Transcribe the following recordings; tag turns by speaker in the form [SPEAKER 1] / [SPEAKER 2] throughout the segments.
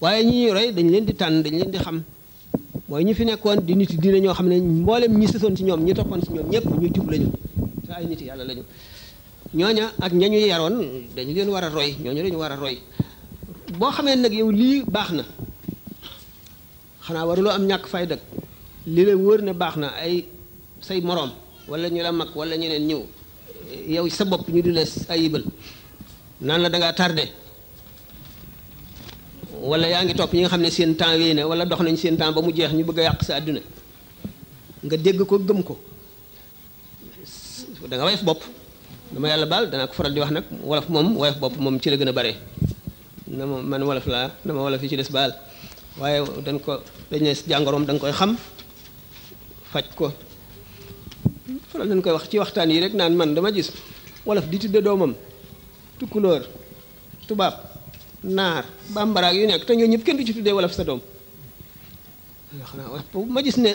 [SPEAKER 1] waaye ñi ñuy roy dañ leen di tànn dañ leen di xam mooy ñi fi nekkoon di nit dina ñoo xam ne mbooleem ñi sësoon ci ñoom ñi toppoon ci ñoom ñëpp ñu jub lañu te ay nit yàlla lañu ñooña ak ñañu yaroon dañu leen war a roy ñooñu dañu war a roy boo xamee nag yow lii baax na xanaa waruloo am ñàkk fay dëkk li leen wër ne baax na ay say moroom wala ñu la mag wala ñeneen ñëw yow sa bopp ñu di la ayibal naan la da ngaa wala yaa ngi topp ñi nga xam ne seen temps wéy na wala dox nañ seen temps ba mu jeex ñu bëgg a yàq sa àdduna nga dégg ko gëm ko danga nga woyof bopp dama yàlla baal danaa ko faral di wax nag wolof moom woyof bopp moom ci la gën a bare na ma man wolof laa na ma wolof yi ci des baal waaye dañ ko dañ ne jàngoroom danga koy xam faj ko faral dañ koy wax ci waxtaan yi rek naan man dama gis wolof di tudde doomam tukkulóor tubaab naar bambaraag yu nekk te ñoo ñëpp kenn du ci tuddee wolof sa doom xanaa wax ma gis ne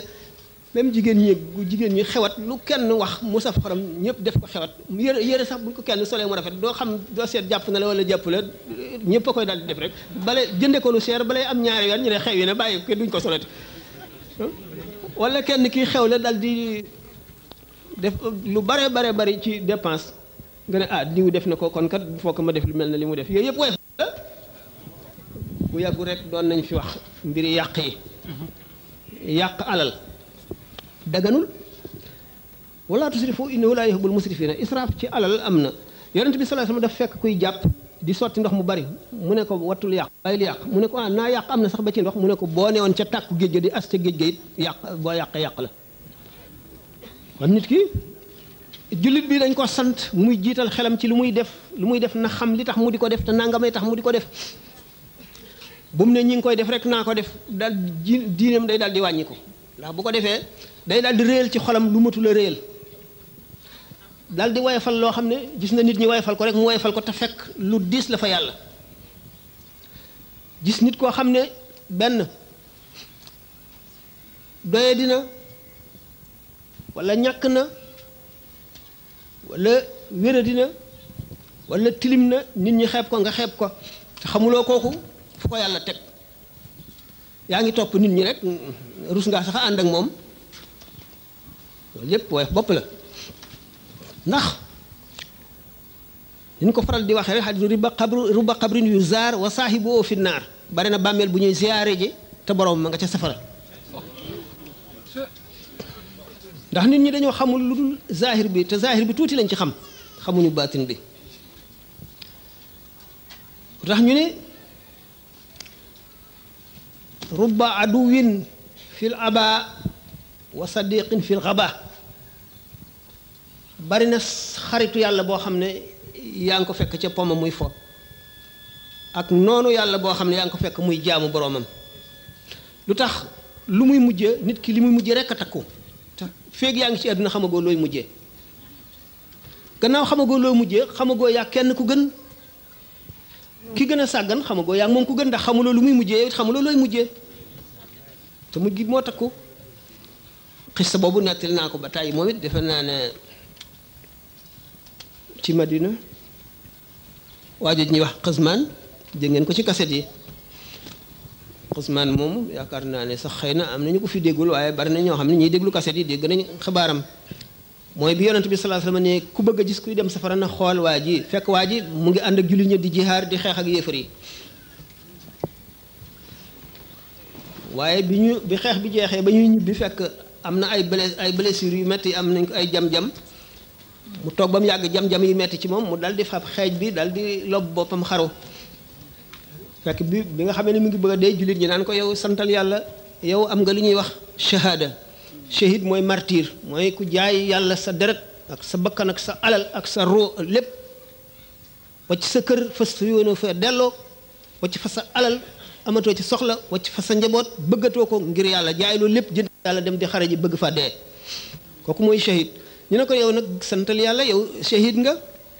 [SPEAKER 1] même jigéen ñi jigéen ñi xewat lu kenn wax mu saf xorom ñëpp def ko xewat yére yére sax buñ ko kenn solee mu rafet doo xam doo seet jàpp na la wala jàpp la ñëpp a koy daal di def rek bale jënde ko lu seer balay am ñaari yoon ñu ne xew ne bàyyi kenn duñ ko solati wala kenn kii xew la daal di def lu bare bare bari ci dépense nga ne ah diw def na ko kon kat foo ko ma def lu mel ne li mu def yooyu yëpp woy bu yagu rek doon nañ fi wax mbiri yàq yi yàq alal daganul wala tusrifu inna la yuhibbul musrifina israf ci alal amna yaronte bi sallallahu alayhi wasallam daf fekk kuy japp di sotti ndox mu bari mu ne ko watul yàq bàyyil yàq mu ne ko ah, na yaq yàq am sax ba ci ndox mu ne ko boo newoon ca takku géej di as ca it yàq bo yàq yàq la kon nit ki julit bi dañ ko sant muy jiital xelam ci lu muy def lu muy def na xam li tax mu di ko def te nangamay tax mu di def bu ne ñi ngi koy def rek naa ko def daal diineem day daal di wàññi ko ndax bu ko defee day daal di réyal ci xolam lu matul a réyal daal di woyofal loo xam ne gis na nit ñi woyofal ko rek mu woyofal ko te fekk lu diis la fa yàlla gis nit koo xam ne benn doye dina wala ñàkk na wala wéra dina wala tilim na nit ñi xeeb ko nga xeeb ko te xamuloo kooku fu ko yàlla teg yaa ngi topp nit ñi rek rus ngaa sax ànd ak moom loolu yépp woyof bopp la ndax ni ko faral di waxee rek xadis riba xabru ruba xabrin yu zaar wa saahibu fi naar bare na bàmmeel bu ñuy ziyaare ji te boroom ma nga ca safara ndax nit ñi dañoo xamul lu dul zahir bi te zahir bi tuuti lañ ci xam xamuñu baatin bi tax ñu ne rubba aduwin fil aba wa sadiqin fil xaba bari na xaritu yàlla boo xam ne yaa ngi ko fekk ca poma muy fo ak noonu yàlla boo xam ne yaa ngi ko fekk muy jaamu boroomam lu tax lu muy mujje nit ki li muy mujje rekk a takku feeg yaa ngi ci àdduna xamagoo looy mujje gannaaw xamagoo looy mujje xamagoo yaa kenn ku gën ki gën a sàggan xamagoo yaa moom ku gën ndax xamuloo lu muy mujje yow it xamuloo looy mujje te mujj gi moo takku xista boobu nettali naa ko ba tàyyi moom it defe naa ne ci Madina waa ji ñuy wax xasmaan dégg ko ci kaset yi xasmaan moom yaakaar naa ne sax xëy na am nañu ko fi déggul waaye bari na ñoo xam ne ñuy déglu kaset yi dégg nañu xibaaram mooy bi yonent bi sallallahu alayhi wasallam ne ku bëgg a gis kuy dem safara na xool waa ji fekk waa ji mu ngi ànd ak jullit ñi di jihaar di xeex ak yéefar yi waaye bi ñu bi xeex bi jeexee ba ñuy ñibbi fekk am na ay bless ay blessures yu metti am nañ ko ay jam-jam mu toog ba mu yàgg jam-jam yi metti ci moom mu dal di fab xeej bi dal di lob boppam xaru fekk bi bi nga xamee ne mu ngi bëgg a dee jullit ñi naan ko yow santal yàlla yow am nga li ñuy wax shahada shahid mooy martyr mooy ku jaay yàlla sa deret ak sa bakkan ak sa alal ak sa roo lépp wacc sa kër fas yéene fa delloo wacc fa sa alal amatoo ci soxla wacc fa sa njaboot bëggatoo ko ngir yàlla jaay loolu lépp jënd yàlla dem di xare ji bëgg fa dee kooku mooy shahid ñu ne ko yow nag santal yàlla yow shahid nga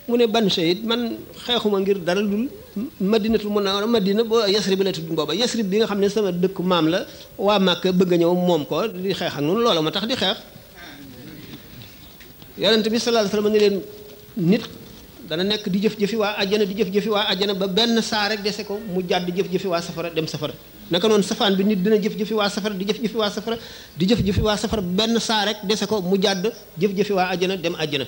[SPEAKER 1] mu ne ban shahid man xeexuma ngir dara dul madinatul munawwara madina boo yasrib la tudd booba yasrib bi nga xam ne sama dëkk maam la waa màkk bëgg a ñëw moom ko di xeex noonu loola moo tax di xeex yonent bi sallallahu alayhi wasallam ne leen nit dana nekk di jëf-jëfi waa àjjana di jëf-jëfi waa àjjana ba benn saa rek dese ko mu jàdd jëf-jëfi waa safara dem safara naka noonu safaan bi nit dina jëf-jëfi waa safara di jëf di jëf-jëfi waa safara benn saa rek dese mu jàdd jëf-jëfi waa àjjana dem àjjana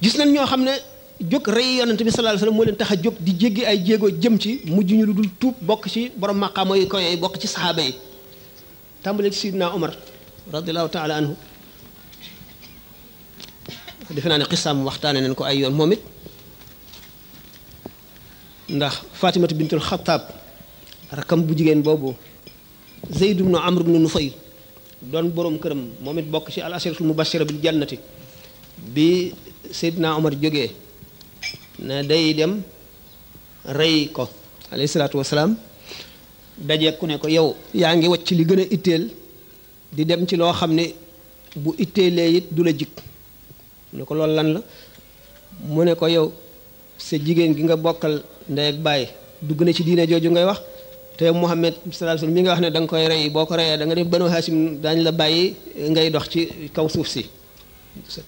[SPEAKER 1] gis nañ ñoo xam ne jóg rey yonante bi sallallahu alayhi moo leen tax a jóg di jéggi ay jéego jëm ci mujj ñu lu dul tuub bokk ci borom maqaama yu koy bokk ci saxaaba yi tàmbale ci sidna Omar radiallahu taala anhu defe naa ne xisaam waxtaane nañ ko ay yoon moom it ndax fatimatu bintul xataab rakam bu jigéen boobu zeyd ibnu amr ibnu nufay doon boroom këram moom it bokk ci al asharatul mubashira bil jannati bi seydna omar jógee ne day dem rey ko alayhi salaatu wasalaam ne ko yow yaa ngi wacc li gën a di dem ci loo xam ne bu itteelee it du la jikk mu ne ko lool lan la mu ne ko yow sa jigéen gi nga bokkal ndey ak baay dugg na ci diine jooju ngay wax te Muhammad sallallahu alayhi nga wax ne danga nga koy rey boo ko reyee da nga def Banu Hashim daañu la bàyyi ngay dox ci kaw suuf si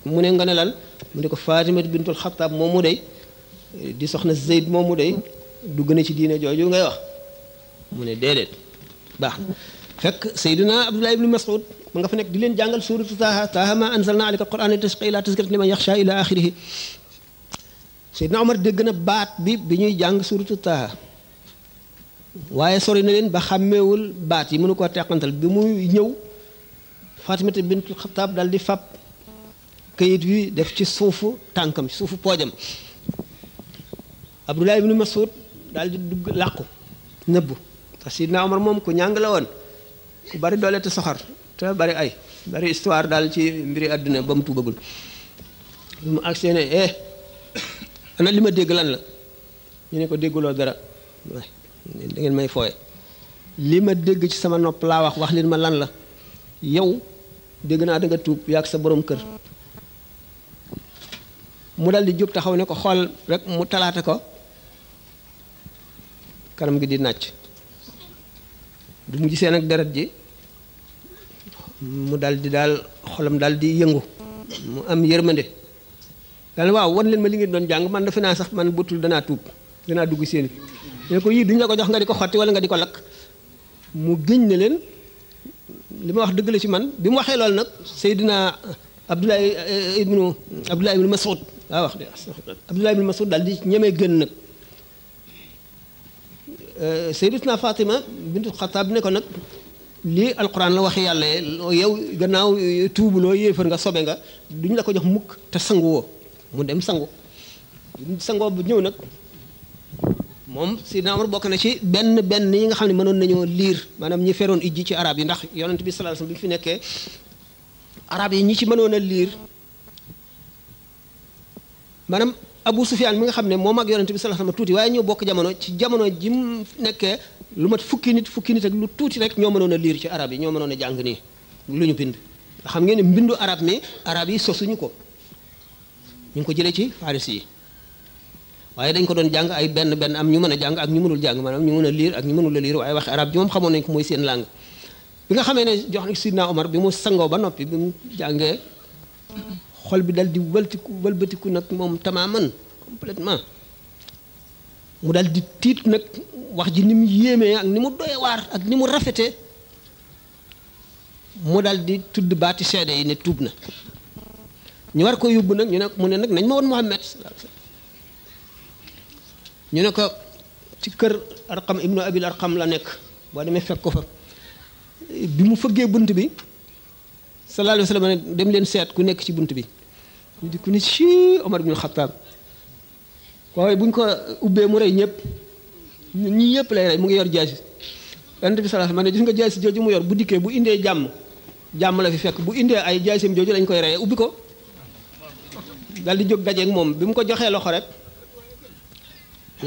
[SPEAKER 1] mu ne nga ne lan mu ne ko Fatima bintul Xattaab moom mu dey di soxna Zeyd moom mu dey dugg na ci diine jooju ngay wax mu ne déedéet baax fekk Seydina Abdullah ibni Mas'ud ma nga fa nekk di leen jàngal suuratu Taaha Taaha maa anzalnaa alayka al-qur'aana litashqaa illaa tazkiratan liman yaxshaa ilaa aaxirihi Seydina Omar dégg na baat bi bi ñuy jàng suuratu Taaha waaye sori na leen ba xàmmeewul baat yi mënu koo teqantal bi muy ñëw Faatimata bintul Xattaab dal di fab kayit wi def ci suufu tànkam ci suufu poojam Abdullah ibni Mas'ud daal di dugg làqu nëbbu te Seydina Omar moom ku ñàng la woon ku bari doole te soxor te bari ay bari histoire daal ci mbiri àdduna ba mu tuubagul mu agsi ne eh, ana li ma dégg lan la ñu ne ko dégguloo dara da ngeen may fooye li ma dégg ci sama nopp laa wax wax leen ma lan la yow dégg naa da nga tuub yàgg sa boroom kër mu dal di jóg taxaw ne ko xool rek mu talaate ko kanam gi di nàcc du mu gisee nag deret ji mu daal di daal xolam daal di yëngu mu am yërmande daal waaw wan leen ma li ngeen doon jàng man defe naa sax man butul danaa tuub danaa dugg seen ne ko yii duñ la ko jox nga di ko xotti wala nga di ko lakk mu géñ ne leen li ma wax dëgg la ci man bi mu waxee lool nag Seydina naa eh, ibnu Abdoulaye ibnu Mas'ud waaw wax de Abdoulaye ibnu Mas'ud daal di ñemee gën nag eh, Seydatuna Fatima bintu Xataab ne ko nag lii alquran la waxi yàlla yow gannaaw tuubuloo yéefar nga sobe nga duñ la ko jox mukk te sangu woo mu dem sangu sangoo bu ñëw nag moom si Umar bokk na ci benn benn yi nga xam ne mënoon nañoo liir maanaam ñi feroon ijji ci arab yi ndax yonent bi sallallahu alayhi fi nekkee arab yi ñi ci mënoon a liir maanaam Abu nga xam ne moom ak yonent bi sallallahu alayhi wasallam tuuti waaye ñoo bokk jamono ci jamono ji mu nekkee lu mat fukki nit fukki nit ak lu tuuti rek ñoo mënoon a liir ci arab yi ñoo mënoon a jàng nii lu ñu bind xam ngeen ne mbindu arab mi arab yi sosuñu ko ñu ngi ko jëlee ci faris yi waaye dañ ko doon jàng ay benn benn am ñu mën a jàng ak ñu mënul jàng man maanaam ñu mën a liir ak ñu mënul a liir waaye wax arab ji moom xamoon nañ ko mooy seen langue bi nga xamee ne jox na sidna Omar bi mu sangoo ba noppi bi mu jàngee xol bi dal di waltiku walbatiku nag moom tamaaman complètement mu daal di tiit nag wax ji ni mu yéemee ak ni mu doy ak ni mu rafete mu daal di tudd baati seede yi ne tuub na ñu war ko yóbbu nag ñu ne mu ne nag nañ ma woon Muhammad ñu ne ko ci kër Arqam ibnu Abil Arqam la nekk boo demee fekk ko fa bi mu fëggee bunt bi sallallahu alayhi wa sallam dem leen seet ku nekk ci bunt bi ñu di ku ne ci Omar ibnul Xattaab waaye bu ñu ko ubbee mu rey ñëpp ñun ñii yëpp lay rey mu ngi yor jaasi yonent bi sallallahu ma ne gis nga jaasi jooju mu yor bu dikkee bu indee jàmm jàmm la fi fekk bu indee ay jaasim jooju lañ koy reyee ubbi ko di jóg dajeeg moom bi mu ko joxee loxo rek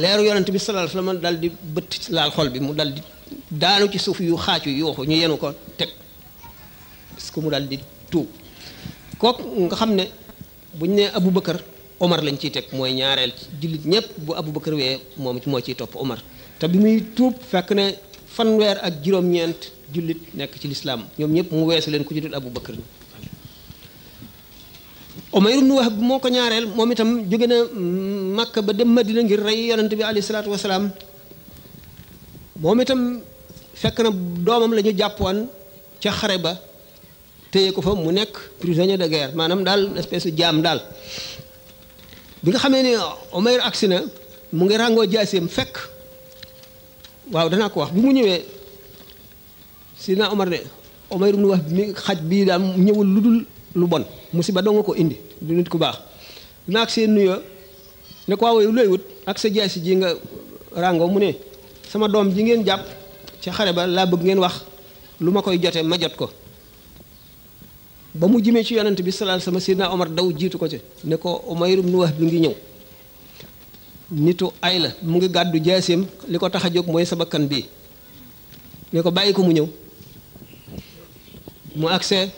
[SPEAKER 1] leeru yorant bi sallallahu alayhi wasallam dal di bëtt laal xol bi mu dal di daanu ci suuf yu xaacu yuuxu ñu yenu ko teg parce mu dal di tuub kooku nga xam ne buñ ne abu Abubakar Omar lañ ciy teg mooy ñaareel jullit ñëpp bu Abubakar wee moom moo ciy topp Omar te bi muy tuub fekk ne fanweer ak juróom-ñeent jullit nekk ci lislaam ñoom ñëpp mu weesu leen ku ci dul Abubakar Umayr ibn Wahb moo ko ñaareel moom itam jóge na Makka ba dem Madina ngir rey yonent bi alayhi salaatu wasalaam moom itam fekk na doomam la ñu jàppoon ca xare ba téye ko fa mu nekk prisonnier de guerre maanaam daal espèce de jaam daal bi nga xamee ne Omayr agsi na mu ngi ràngoo jaaseem fekk waaw danaa ko wax bi mu ñëwee si Sidna Omar ne Omayr mu wax mi xaj bii daal ñëwul lu dul lu bon mu musiba doo nga ko indi du nit ku baax bi ma agsee nuyoo ne ko waaw looy wut ak sa jaasi jii nga ràngoo mu ne sama doom ji ngeen jàpp ca xare ba laa bëgg ngeen wax lu ma koy jotee ma jot ko ba mu jime ci yonent bi salal sama sirna omar daw jitu ko ci ne ko umayr ibn wahb ngi ñew nitu ay la mu ngi gaddu jasim liko ko tax a sa bakkan ne ko bayiko mu ñew mu accès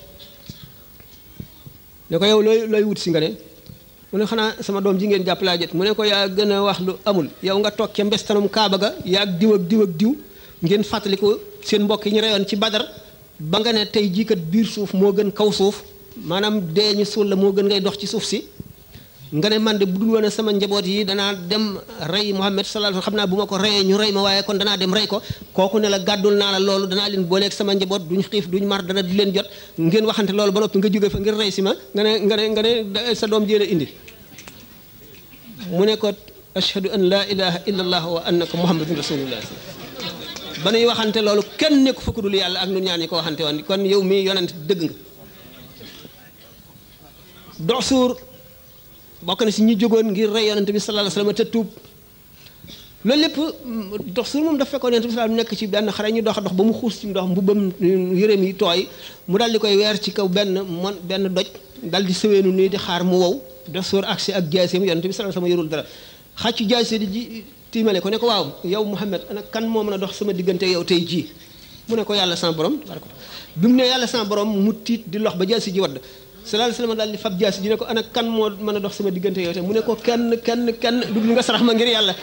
[SPEAKER 1] ne ko yow loy loy wut si mu ne xana sama dom ji ngeen japp la jet mu ne ko ya gëna wax lu amul yow nga tokke mbestanum kaaba ga yaag diw ak diw ak diw ngeen ko seen mbokk ñi rayon ci badar ba nga ne tey jii kat biir suuf moo gën kaw suuf maanaam dee ñu suul la moo gën ngay dox ci suuf si nga ne man de bu dul woon sama njaboot yi danaa dem rey Muhammad sallallahu xam naa bu ma ko reyee ñu rey ma waaye kon dem rey ko kooku ne la gàddul naa la loolu danaa leen booleeg sama njaboot duñ xiif duñ mar dana du leen jot ngeen waxante loolu ba noppi nga jóge fa ngir rey si ma nga ne nga ne nga ne sa doom jee la indi mu ne ko ashhadu an laa ilaha illa allah wa annaka muhammadun rasulullah ba nuy waxante loolu kenn nekk fukk dul yàlla ak nu ñaan ñi ko waxante woon kon yow mii yonent dëgg nga dox suur bokk na si ñu jógoon ngir rey yonent bi sallallahu a wasallam te tuub loolu lépp dox suur moom dafa fekkoon yonent nekk ci benn xare ñu dox dox ba mu xuus ci ndox mbubbam yëreem yi tooy mu daal di koy weer ci kaw benn mon benn doj dal di nu nii di xaar mu wow dox suur agsi ak jaaseem yonent bi sallallahu alayhi yorul dara xàcc jaase di tiimale ko ne ko waaw yow Muhammad ana kan moo mën a dox sama diggante yow tey jii mu ne ko yàlla sans borom bi mu ne yàlla sans borom mu tiit di lox ba jaasi ji wadd sallallahu alayhi ma daal di fab jaasi ji ne ko ana kan moo mën a dox sama diggante yow tey mu ne ko kenn kenn kenn dugg nga sarax ma ngir yàlla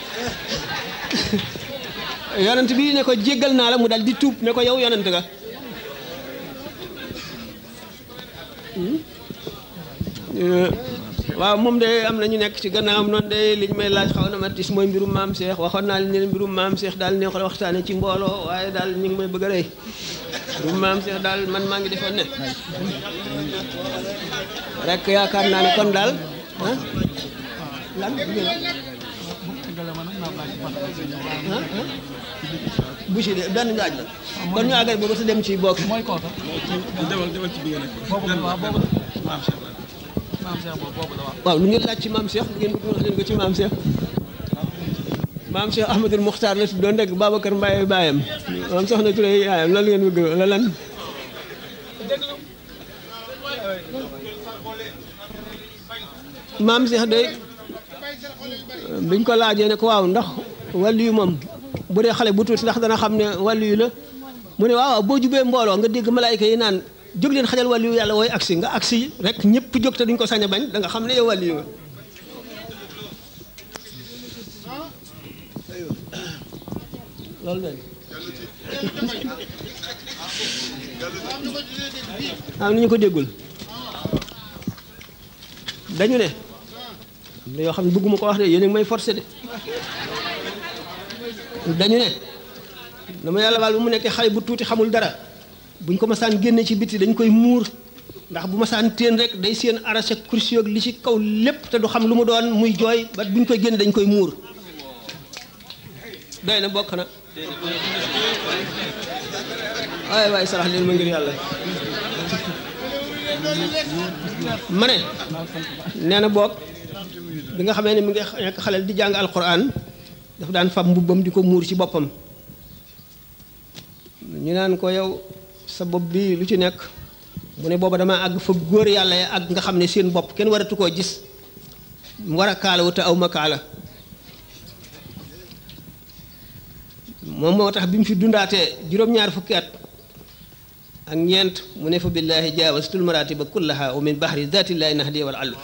[SPEAKER 1] yonent bi ne ko jéggal naa la mu daal di tuub ne ko yow yonent nga hmm? waaw moom de am na ñu nekk ci gannaaw noonu de li may laaj xaw na ma tis mooy mbirum maam Cheikh waxoon naa leen ne mbirum maam Cheikh daal neexul a waxtaane ci mbooloo waaye daal ñu ngi may bëgg a rey mbirum maam Cheikh daal man maa ngi defoon ne rek yaakaar naa ne kon daal ah lan ah, ah? bu ci de benn laaj la kon ñu àggal boobu te dem ci bokk. mooy kooka. ci bi nga waaw lu ngi laaj ci maam Cheikh ngeen bëgg wax leen ko ci maam Cheikh maam Cheikh Ahmadul Muxtaar la tuddoon rek Babacar Mbaye baayam maam soxna Touré yaayam lan ngeen bëgg la lan
[SPEAKER 2] maam Cheikh day
[SPEAKER 1] biñ ko laajee ne ko waaw ndax wàllu yi moom bu dee xale bu tuuti ndax dana xam ne wàllu yu la mu ne waaw boo jubee mbooloo nga dégg malaayka yi naan jóg leen xajal wàlliyu yàlla wooy agsi nga agsi rek ñëpp jóg te duñ ko sañ a bañ da xam ne yow wàlliyu nga loolu benn ah, ko déggul dañu ne am na yoo xam ne bëgguma ko wax de yéen a may forcé de dañu ne dama yàlla baal bu mu nekkee xale bu tuuti xamul dara buñ ko masaan génne ci biti dañ koy muur ndax bu masaan teen rek day seen arraché kursi ak li ci kaw lépp te du xam lu mu doon muy jooy ba buñ koy génne dañ koy muur doy na bokk na ay way sarax leen ma ngir yàlla mané néna bok bi nga xamé ni mi nga nek di jang alquran daf daan fam mbubam diko mur ci bopam ñu naan ko yow sa bopp bi lu ci nekk mu ne booba damaa àgg fa góor yàlla ya ak nga xam ne seen bopp kenn waratu koo gis mu war a kaalawu te aw ma kaala moom moo tax bi mu fi dundaatee juróom-ñaar fukki at ak ñeent mu ne fa billaahi jaawastul maratiba kullaha wa min bahri zaatillaahi nahdi wal allu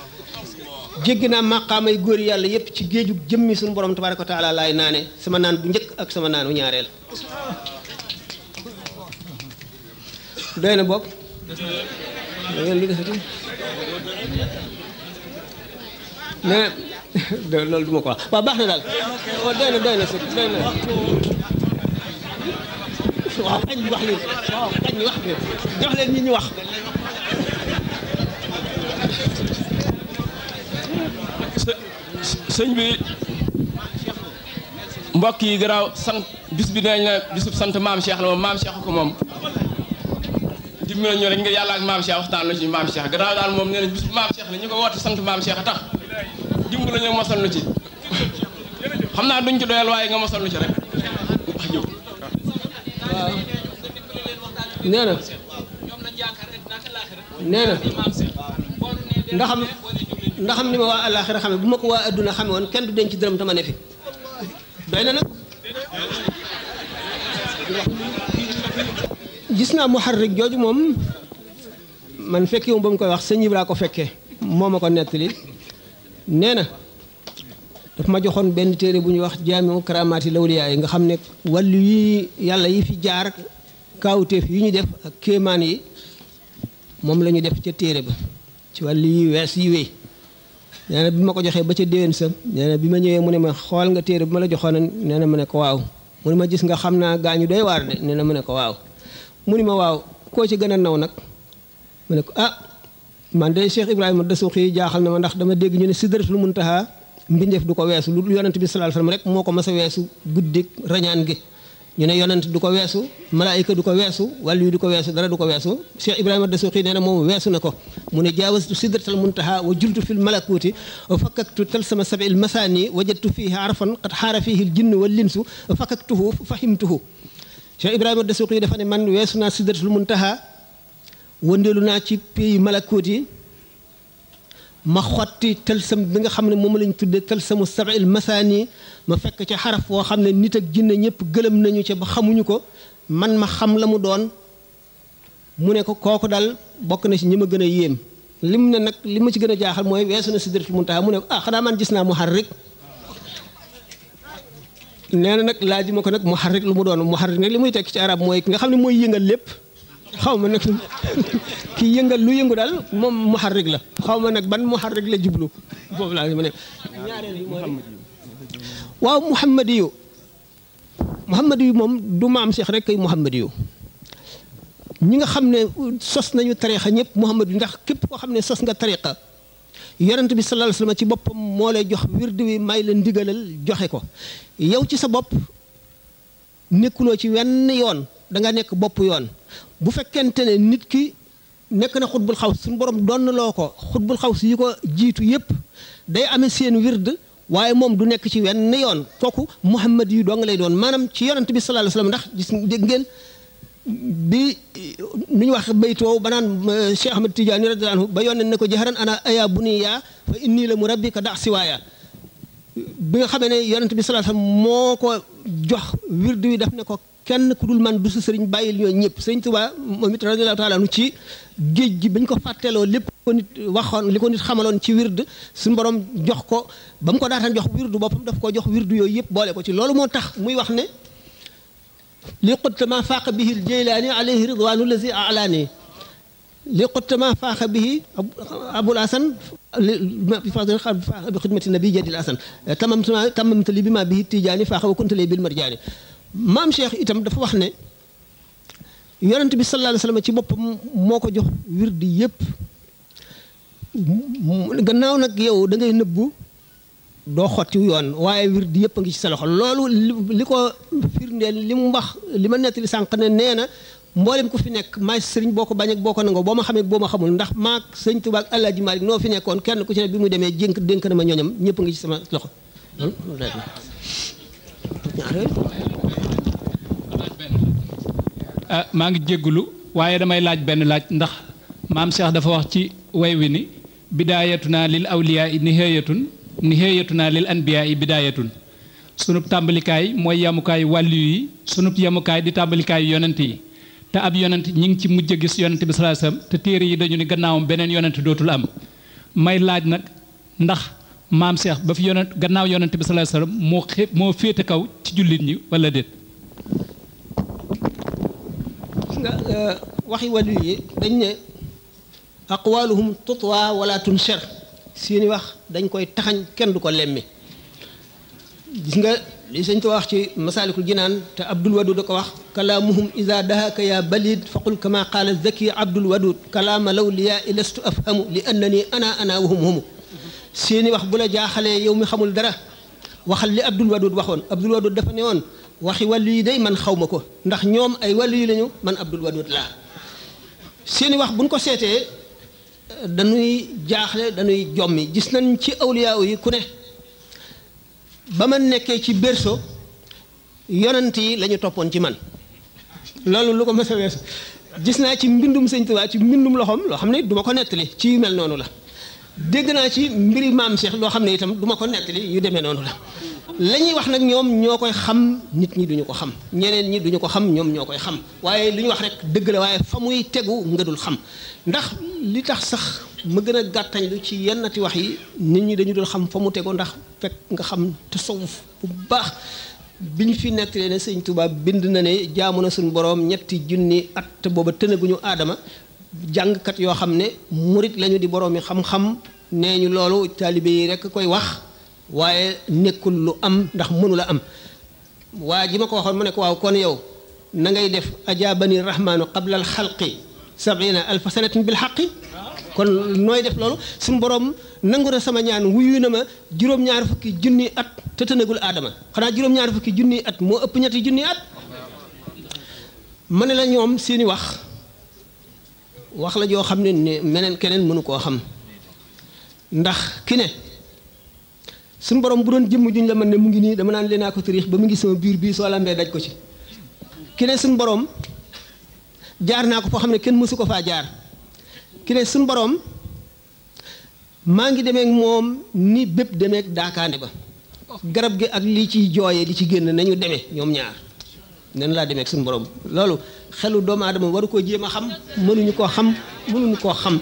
[SPEAKER 1] jéggi naa maqaamay góor yàlla yépp ci géejug jëmmi suñu borom tabaraka wa taala laay naane sama naan bu njëkk ak sama naanu ñaareel doy na bopp da ngeen lu defati mais loolu du ma ko wax waaw baax na daal waaw doy na doy na doy na waaw kañ wax leen waaw kañ bi mbokk yi garaaw sant bis bi dañ na bisub sant maam Cheikh la moom maam Cheikh ko moom dimbali ñu rek ngir yàlla ak maam Cheikh waxtaan lu ci maam Cheikh gannaaw daal moom nee na bis bu maam Cheikh la ñu ko woote sant maam Cheikh naa duñ ci doyal waaye nga mosal ci rek wax jóg na nee na ndaxam ndaxam ni ma waa àllaaxira xame bu ma ko waa adduna xame woon kenn du denc dërëm tama ne fi doy na gis naa muharrik jooju moom man fekke wu ba mu koy wax sëñ laa ko fekkee moo ma ko nekk li nee na daf ma joxoon benn téere bu ñuy wax jaamiu karaamaati lawliyaa yi nga xam ne wàllu yi yàlla yi fi jaar kaawteef yi ñu def ak kéemaan yi moom la def ca téere ba ci wàllu yi wees yi wéy nee na bi ma ko joxee ba ca déwén sa nee na bi ma ñëwee mu ne ma xool nga téere bi ma la joxoon nee na ma ne ko waaw mu ne ma gis nga xam naa gaañu doy waar de na ma ne ko waaw mu ni ma waaw koo ci gën a naw nag mu ne ko ah man de Cheikh Ibrahima Dasuuqi jaaxal na ma ndax dama dégg ñu ne sidratul muntaha mbindeef du ko weesu lu yonent bi sallallahu alayhi wasallam rek moo ko mas a weesu guddik rañaan gi ñu ne yonent du ko weesu malaayika du ko weesu wàllu du ko weesu dara du ko weesu Cheikh Ibrahima Dasuuqi nee na moom weesu na ko mu ne jaawastu sidratal muntaha wa jultu fil malakuuti wa fakkaktu talsama sabil masaani wajadtu fiihi arfan qad xaara fiihi l jinnu wal linsu fakkaktuhu fahimtuhu Cheikh Ibrahima Dasuuqi yi dafa ne man weesu naa sidratul muntaha wëndeelu naa ci pays malakut yi ma xotti tëlsam bi nga xam ne moom lañ tuddee tëlsamu sabil masaani ma fekk ci xaraf woo xam ne nit ak jinne ñëpp gëlëm nañu ca ba xamuñu ko man ma xam la mu doon mu ne ko kooku daal bokk na ci ñi ma gën a yéem li mu ne nag li ma ci gën a jaaxal mooy weesu na sidratul muntaha mu ne ko ah xanaa man gis naa mu xar rek nee na nag laaj ma ko nag muharrik lu mu doon muharrik nag li muy tekki ci arab mooy ki nga xam ne mooy yëngal lépp xaw ma nag ki yëngal lu yëngu daal moom muharrik la xaw ma nag ban muharrik la jublu foofu laa ma ne ñaareel yi mooy waaw muhammad yu muhammad yu moom du maam Cheikh rek kay muhammad yu ñi nga xam ne sos nañu tarixa ñëpp muhammad yu ndax képp koo xam ne sos nga tarixa yonent bi sallallahu alayhi wa sallam ci boppam moo lay jox wird wi may la ndigalal joxe ko yow ci sa bopp nekkuloo ci wenn yoon da nga nekk bopp yoon bu fekkente ne nit ki nekk na xutbul xaws suñu borom donnaloo ko xutbul xaws yi ko jiitu yépp day amee seen wird waaye moom du nekk ci wenn yoon kooku Muhammad yu doo nga lay doon maanaam ci yonent bi sallallahu alayhi wa sallam ndax gis ngeen bi nu ñu wax baytu ba naan euh, Cheikh Ahmad Tidiane radiyallahu anhu ba yónnee na ko jaharan ana aya buniya fa inni la mu murabbika da siwaaya bi nga xamee ne yonent bi sallallahu alayhi moo ko jox wirdu wi daf ne ko kenn ku dul man du su sëriñ bàyyil ñoo ñëpp sëriñ Tuubaa moom it radiyallahu taala anhu ci géej gi bañ ko fàtteeloo lépp ko nit waxoon li ko nit xamaloon ci wird su borom jox ko ba mu ko daataan jox wirdu boppam daf ko jox wirdu yooyu yëpp boole ko ci loolu moo tax muy wax ne li qutta ma faaqa bihi al-Jaylaani alayhi ridwaanu lazi alaani li qutta ma faaqa bihi abul hasan bi xidmati nabi jadil hasan tamam tamamta li bi ma bihi tijaani faaqa wa kunta li maam Cheikh itam dafa wax ne bi sallallahu alayhi wa ci boppa moo ko jox wirdi yépp gannaaw nag yow da ngay nëbbu doo xot ci yoon waaye wirdi yëpp a ngi ci sa loxo loolu li ko firndeel li mu wax li ma nettali sànq ne nee na mboolem ku fi nekk maay sëriñ boo ko bañ ak boo ko nangoo boo ma xamee boo ma xamul ndax maag sëriñ Tuubaa ak Alaaji Maalik noo fi nekkoon kenn ku ci mu demee jénk dénk na ma ñooñam a ngi sama loxo ah, maa ngi jéggulu waaye damay laaj benn laaj ndax maam Cheikh dafa wax ci way wi ni bidaayatuna lil ni nihaayatun nihayatuna lil anbiyaa bidaayatun sunub tàmbalikaay mooy yamukaay wàllu yi sunub yamukaay di tàmbalikaay yonent yi te ab yonent ñi ngi ci mujj gis yonent bi sallallahu alayhi wasallam te téere yi dañu ni gannaawam beneen yonent dootul am may laaj nag ndax maam Cheikh ba fi yonent gannaaw yonent bi sallallahu alayhi moo xé moo féete kaw ci jullit ñi walla déet. nga euh, waxi wàllu yi dañ seeni wax dañ koy taxañ kenn du ko lemmi gis nga li sëñ Tuubaa wax ci masaalikul jinaan te abdul wadud da ko wax kalaamuhum ida dahaka ya balid faqul kama a zaki abdul wadud kalaama law liya ilastu afhamu li annani ana ana wahum humu seeni wax bu la jaaxalee yow mi xamul dara waxal li abdul wadud waxoon abdul wadud dafa ne woon waxi wàllu yi day man xaw ma ko ndax ñoom ay wàllu yi lañu man abdul wadud laa seeni wax buñ ko seetee dañuy jaaxle dañuy jommi gis nañ ci awliyaaw yi ku ne ba ma nekkee ci berso yonent yi lañu toppoon ci man loolu lu ko mës a wees gis naa ci mbindum sëñ Tuubaa ci mbindum loxoom loo xam ne duma ko nettali ci yu mel noonu la dégg naa ci mbiri maam Cheikh loo xam ne itam du ma ko nettali yu demee noonu la lañuy wax nag ñoom ñoo koy xam nit ñi duñu ko xam ñeneen ñi duñu ko xam ñoom ñoo koy xam waaye lu ñu wax rek dëgg la waaye fa muy tegu nga dul xam ndax li tax sax ma gën a gàttañ gàttañlu ci yennati wax yi nit ñi dañu dul xam fa mu tegu ndax fekk nga xam tasawuf bu baax bi ñu fi nettalee ne sëñ tubaab bind na ne jaamu na suñu boroom ñetti junni at booba tënaguñu aadama jàngkat yoo xam ne murit lañu di boroomi xam-xam nee ñu loolu taalibe yi rekk koy wax waaye nekkul lu am ndax mënula am waa ji ma ko waxoon mu ne ko waaw kon yow na ngay def ajaabani rahmaanu qabla al xalqi sabina alfa sanatin bi xaqi kon nooy def loolu suñu boroom nangu na sama ñaan wuyu na ma juróom-ñaar fukki junni at te tënagul aadama xanaa juróom-ñaar fukki junni at moo ëpp ñetti junni at ma ne la ñoom seeni wax wax la joo xam ne ne meneen keneen mënu koo xam ndax ki ne suñ borom bu doon jëmm juñ la mën ne mu ngi nii dama naan leen naa ko tariix ba mu ngi sama biir bii soo lambee daj ko ci ki ne suñu borom jaar naa ko foo xam ne kenn mësu ko faa jaar ki ne suñu borom maa ngi demeek moom ni bépp demeek daakaande ba garab gi ak lii ciy jooyee li ci génn nañu demee ñoom ñaar nen laa demee ak suñu borom loolu xelu doomu aadama waru koo jéem a xam mënuñu koo xam mënuñu koo xam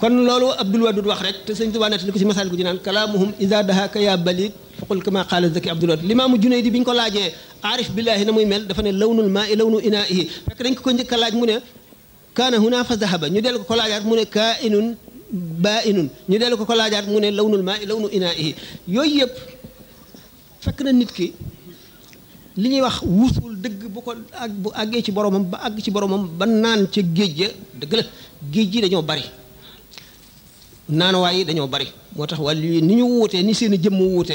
[SPEAKER 1] kon loolu Abdul Wadud wax rek te sëñ Tuubaa nett li ko si masal ko naan kalaamuhum isa dahaka ya balid faqul kama qaala zaki Abdul Wadud limaamu Junayd bi ñu ko laajee aarif billaahi na muy mel dafa ne lawnul maa i lawnu inaahi fekk a laaj mu ne kaana huna fa zahaba ñu dellu ko ko ne kaa inun ñu dellu ko ko laajaat mu ne lawnul maa i lawnu yooyu yëpp fekk na nit ki li ñuy wax wuusul dëgg bu ko ak bu àggee ci boromam ba àgg ci boromam ba naan ci géej ga dëgg la géej gi dañoo bari nan way dañu bari motax wal ni ñu wuté ni seen jëm jëmm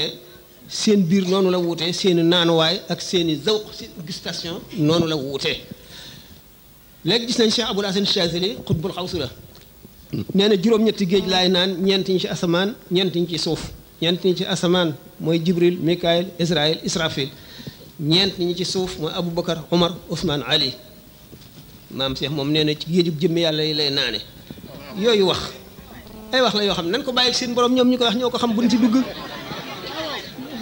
[SPEAKER 1] seen bir nonu la wuutee seen nan way ak seen zawq seen gustation nonu la wuutee léegi gis nañ Cheikh abou Hasan Chazili qutbul khawsula neena juróom-ñetti géej lay nan ñent ñi ci asamaan ñent ñi ci suuf ñent ñi ci asamaan moy Jibril mikael israël Israfil ñent ñi ci suuf moy abou bakkar Omar usman Ali maam Cheikh mom neena ci geejub jëm yàlla lay nané yooyu wax ay wax na yoo xam ne nan ko bàyyi seen borom ñoom ñu ko wax ñoo ko xam buñ ci dugg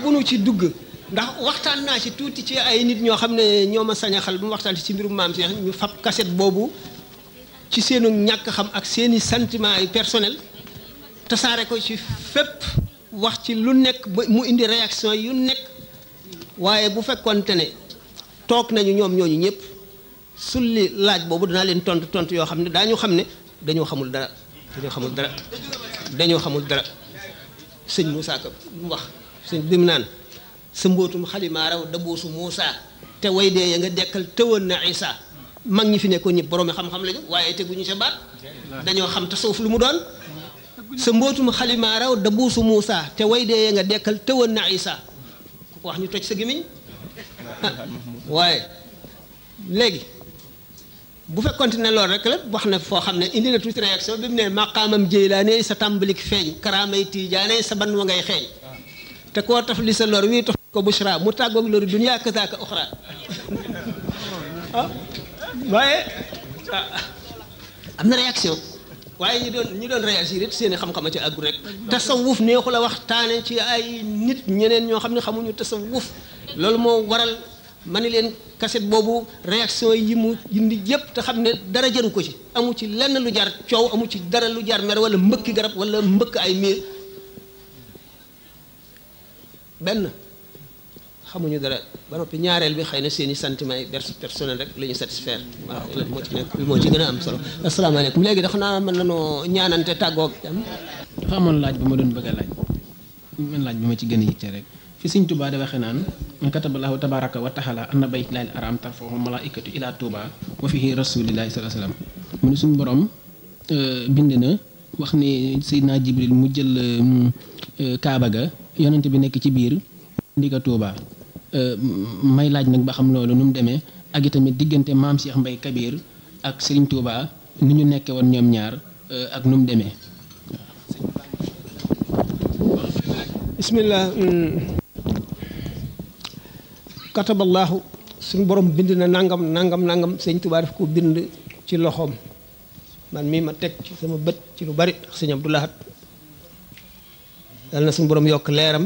[SPEAKER 1] bunu ci dugg ndax waxtaan naa ci tuuti ci ay nit ñoo xam ne ñoo ma sañaxal bu mu waxtaan ci mbirum maam ñu fab kaset boobu ci seenu ñàkk xam ak seeni sentiment yi personnel tasaare ko ci fépp wax ci lu nekk ba mu indi réaction yu nekk waaye bu fekkoonte ne toog nañu ñoom ñooñu ñëpp sulli laaj boobu danaa leen tont tontu yoo xam ne daañu xam ne dañoo xamul dara dañoo xamul dara dañoo xamul dara sëñ Moussa Ka lu mu wax sëñ bi mu naan sa mbootum xalimaa raw daboosu Moussa te way dee ya nga dekkal tëwoon na Isa mag ñi fi nekkoon ñëpp boroomi xam-xam lañu waaye teguñu sa baat dañoo xam tasawuf lu mu doon sa mbootum xalimaa raw daboosu Moussa te way dee nga dekkal tëwoon na Isa ku ko wax ñu toj sa gémmiñ waaye léegi bu fekkoon ne lool rek la wax na foo xam ne indi na tuuti réaction bi mu ne maqaamam jëylaane sa tàmbalik feeñ karaamay tiijaane sa ban wa ngay xeeñ te koo taf li sa lor wii taf ko bushra mu tàggoog loru dunya kasaaka uxra ah, waaye ah, am na réaction waaye ñu doon ñu doon réagir it seen i xam-xam ci àggu rek tasawuf neexu la waxtaane ci ay nit ñeneen ñoo xam ne xamuñu tasawuf loolu moo waral ma ne leen kaset boobu réaction yi mu indi yépp te xam ne dara jaru ko ci amu ci lenn lu jar coow amu ci dara lu jar mer wala mbëkki garab wala mbëkk ay miir benn xamuñu dara ba noppi ñaareel bi xëy na seen i sentiment yi personnel rek la ñu satisfaire waaw loolu moo ci nekk moo ci gën a am solo asalaamaaleykum léegi dafa naa mën nañoo ñaanante tàggoo dafa amoon laaj bu ma doon bëgg a laaj man laaj bi ma ci gën a yitte rek fi sëñ Tuubaa di waxee naan kataballahu tabaraka wa taxala anna bayt laal aram tarfahu malaikatu ila Tuubaa wa fihi rasulillahi salaa salaam mu ne suñu borom euh, bind na wax ne Seydina Jibril mu jël euh, Kaaba ga yonent bi nekk ci biir ndika Tuubaa euh, may laaj nag ba xam loolu nu mu demee ak itamit diggante maam Cheikh Mbaye Kabir ak Serigne Touba ni ñu nekkee woon ñoom ñaar ak nu mu demee. bismillah. Mm. kataballaahu suñu borom bind na nangam nangam nangam sëñ Tuubaa daf koo bind ci loxoom man mii ma teg ci sama bët ci lu bari ndax sëñ Abdou Lahad yàlla na suñu yokk leeram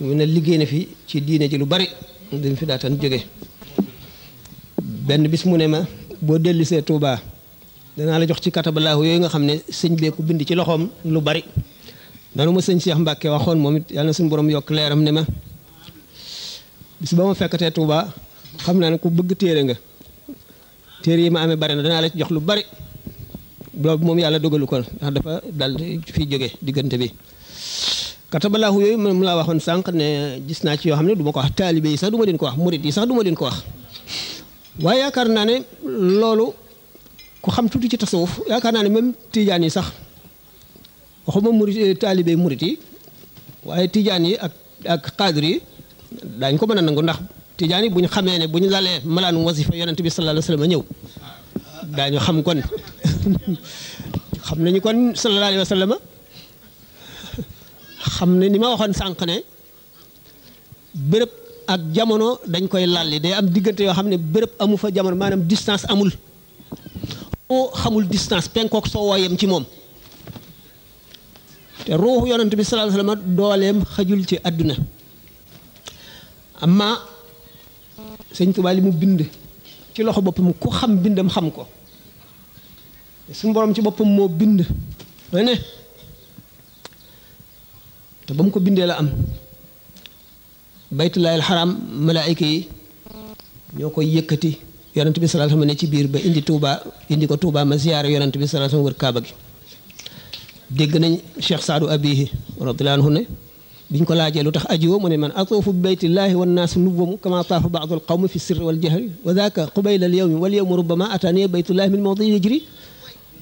[SPEAKER 1] mu ne liggéey na fi ci diine ji lu bari dañ fi daatan jóge benn bis mu ne ma boo dellisee Tuubaa danaa la jox ci kataballaahu yooyu nga xam ne sëñ bee ko bind ci loxoom lu bari noonu sëñ Cheikh Mbacke waxoon moom it suñu borom yokk leeram ne ma bis ba ma fekkatee Touba xam naa ne ku bëgg téere nga téere yi ma amee bari na danaa la jox lu bari loolu moom yàlla dogalu ko ndax dafa dal fi jóge diggante bi katabalaahu yooyu mu laa waxoon sànq ne gis naa ci yoo xam ne du ma ko wax taalibe yi sax du ma ko wax murit yi sax du ma leen ko wax waaye yaakaar naa ne loolu ku xam tuuti ci tasawuf yaakaar naa ne même tiijaan yi sax waxuma murit taalibe murit yi waaye tiijaan yi ak ak xaadir yi daañu ko mën a nangu ndax tijaan yi bu ñu xamee ne bu ñu lalee malaanu wasifa yonent bi sallallahu alayhi wa sallam a ñëw daañu xam kon xam nañu kon sallallahu alayhi wa sallam xam ne ni ma waxoon sànq ne béréb ak jamono dañ koy lalli day am diggante yoo xam ne bërëb amu fa jamono maanaam distance amul boo xamul distance penkook soo wooyem ci moom te ruuxu yonent bi sallallahu alayhi wa dooleem xajul ci àdduna amma sëñ Tuubaa li mu bind ci loxo boppam ku xam bindam xam ko suñu borom ci boppam moo bind lu ne te ba mu ko bindee la am baytullaahil xaram malaayika yi ñoo koy yëkkati yonent bi sallallahu alayhi ne ci biir ba indi tuubaa indi ko tuubaa ma ziyaara yonent bi sallallahu alayhi wër Kaaba gi dégg nañ Cheikh Saadu Abihi radiyallahu anhu ne biñ ko laajee lu tax ajiwo mu ne man a atoofu bi baytillahi wan naasu nubbamu kama taafa baadul qawmi fi sirri wal jahri wa daaka qubayla al yawmi wal yawmu rubbama ataaniya baytullahi min mawdi hijri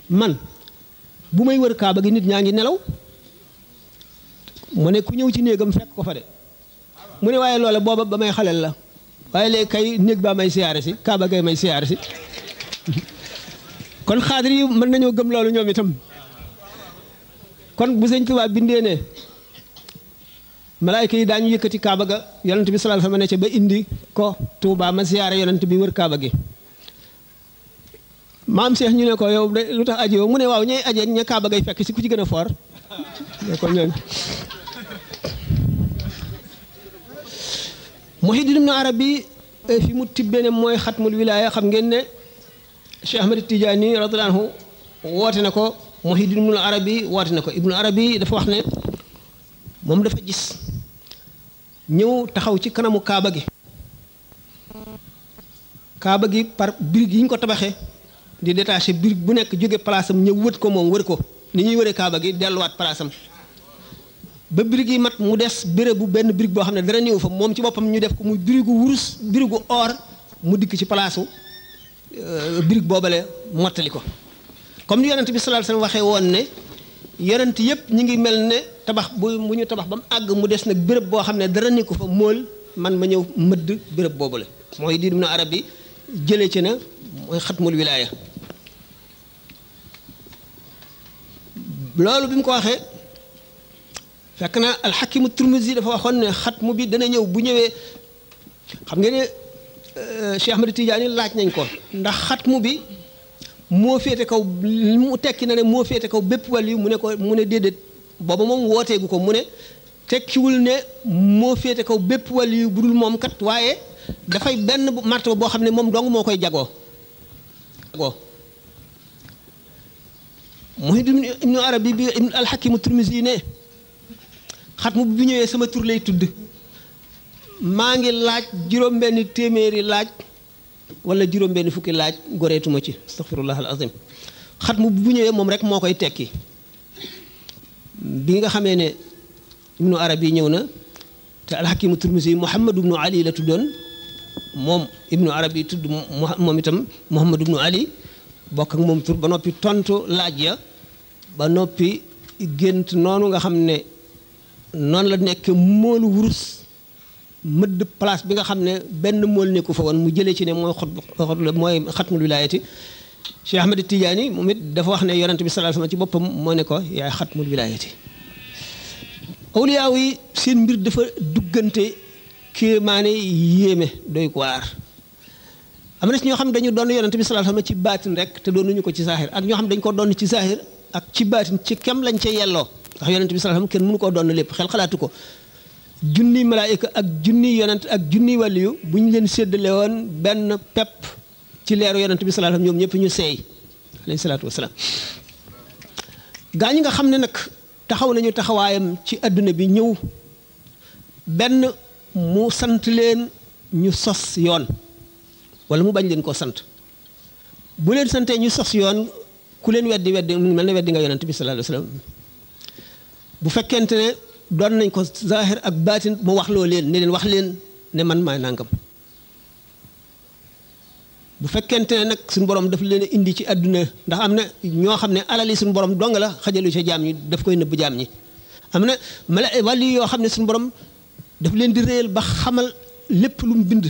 [SPEAKER 1] man bu may wër kaaba gi nit ñaa ngi nelaw mu ne ku ñëw ci néegam fekk ko fa de mu ne waaye loola booba ba may xalel la waaye léegi kay néeg baa may siyaare kaaba gay may siyaare kon xaadir yi mën nañoo gëm loolu ñoom itam kon bu sëñ Tuubaa bindee malaika yi dañu yëkëti kaaba ga yonent bi sallallahu alayhi wasallam ne ba indi ko tuba ma ziyaare yonent bi wër kaaba gi maam cheikh ñu ne ko yow lutax aji mu ne waaw ñay aje ña kaaba gay fekk ci ku ci gëna for ne ko ñoon muhiddin ibn arabi e, fi mu tibbe ne mooy xatmul wilaya xam ngeen ne cheikh ahmed tidiane radhiyallahu anhu woote na ko muhiddin ibn arabi wote nako ko ibn arabi dafa wax ne moom dafa gis ñëw taxaw ci kanamu kaaba gi kaaba gi par birig yi ñu ko tabaxee di détaché birig bu nekk jóge palaasam ñëw wët ko moom wër ko ni ñuy wëree kaaba gi delluwaat palaasam ba birig yi mat mu des béré bu benn birig boo xam ne dara néew fa moom ci boppam ñu def ko muy birigu wurus birigu or mu dikk ci palaasu euh, birig boobale mattali ko comme ni yonent bi sallallahu alayhi wasallam waxee woon ne yonent yep ñi ngi melne tabax bu bu ñu tabax bam ag mu dess nak bërepp bo xamne dara ni ko fa mool man ma ñëw mëdd bërepp boobu moy diir mu arabiy jëlé ci na moy khatmul wilaya lolu bimu ko waxé fekk na al hakim at tirmidhi dafa waxoon ne xatmu bi dana ñëw bu ñewé xam ngeen ni Cheikh Ahmed Tidiane laaj nañ ko ndax khatmu bi moo féete kaw mu tekki na ne moo féete kaw bépp wàll yi mu ne ko mu ne déedéet booba moom wooteegu ko mu ne tekkiwul ne moo féete kaw bépp wàll yi budul moom kat waaye dafay benn martaba boo xam ne moom dong moo koy jago jagoo Muhyiddin Ibnu Arabi bi Ibnu Alxakimu Turmisi ne xatmu bu ñëwee sama tur lay tudd maa ngi laaj juróom-benn téeméeri laaj wala juróom-benn fukki laaj goreetuma ci astaghfirullah alazim xatmu bu ñëwee moom rek moo koy tekki bi nga xamee ne ibnu arab yi ñëw na te alxakimu turmisi muhammad ibnu ali la tuddoon moom ibnu arab yi tudd moom itam muhammad ibnu ali bokk ak moom tur ba noppi tontu laaj ya ba noppi gént noonu nga xam ne noonu la nekk moolu wurus mëdd place bi nga xam ne benn mool nekku fa woon mu jëlee ci ne mooy xot mooy xatmul wilaayati Cheikh Ahmed Tidiane moom it dafa wax ne yonent bi sallallahu ci boppam moo ne ko yaay xatmul wilaayati awliyaaw yi seen mbir dafa duggante kéemaane yéeme doy ko waar am na ci ñoo xam ne dañu doon yonent bi sallallahu alayhi wasallam ci baatin rek te doonuñu ko ci saaxir ak ñoo xam ne dañu ko doon ci saaxir ak ci baatin ci kem lañ ca yelloo ndax yonent bi sallallahu alayhi wasallam kenn mënu koo doon lépp xel xalaatu ko junni malaayika ak junni yonent ak junni wàlliyu bu ñu leen séddale woon benn pepp ci leeru yonent bi salaatu ñoom ñëpp ñu seey alayhi salaatu wasalaam gaa ñi nga xam ne nag taxaw nañu taxawaayam ci àdduna bi ñëw benn mu sant leen ñu sos yoon wala mu bañ leen koo sant bu leen santee ñu sos yoon ku leen weddi weddi mel na weddi nga yonent bi salaatu wasalaam bu fekkente ne doon nañ ko zahir ak baatin mu wax loo leen ne leen wax leen ne man maay nangam bu fekkente ne nag suñu borom daf leen indi ci àdduna ndax am na ñoo xam ne alali suñ borom dong la xajalu ca jaam ñi daf koy nëbb jaam ñi am na ma mala wàllu yoo xam ne suñ borom daf leen di réyal ba xamal lépp lu mu bind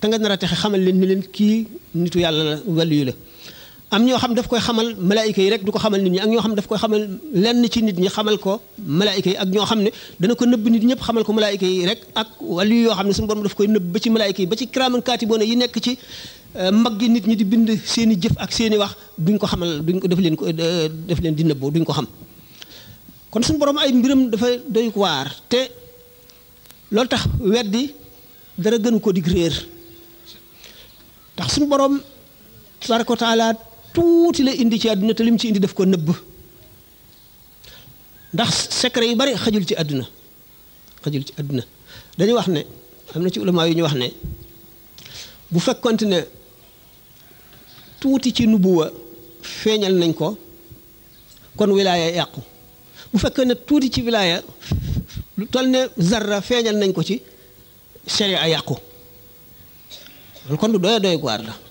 [SPEAKER 1] te nga nar texe xamal leen ni leen kii nitu yàlla la wàllu yu la am ñoo xam daf koy xamal malaayika yi rek du ko xamal nit ñi ak ñoo xam daf koy xamal lenn ci nit ñi xamal ko malaayika yi ak ñoo xam ne dana ko nëbb nit ñëpp xamal ko malaayika yi rek ak wàllu yoo xam ne suñu borom daf koy nëbb ba ci malaayika yi ba ci kiraaman kaatiboona yi nekk ci euh, mag yi nit ñi di bind seen i jëf ak seen i wax duñ ko xamal duñ ko def leen ko euh, def leen di nëbboo duñ ko xam kon suñu borom ay mbiram dafa doy waar te loolu tax weddi dara gënu ko dig réer ndax suñu borom tabaraka taala tuuti la indi ci àdduna te mu ci indi def ko nëbb ndax secret yu bari xajul ci àdduna xajul ci àdduna dañu wax ne am na ci ulama yu ñu wax ne bu fekkonte ne tuuti ci nubuwa feeñal nañ ko kon wilaaya yàqu bu fekkee ne tuuti ci wilaaya lu toll ne zarra feeñal nañ ko ci sharia yàqu loolu kon lu doy doy waar la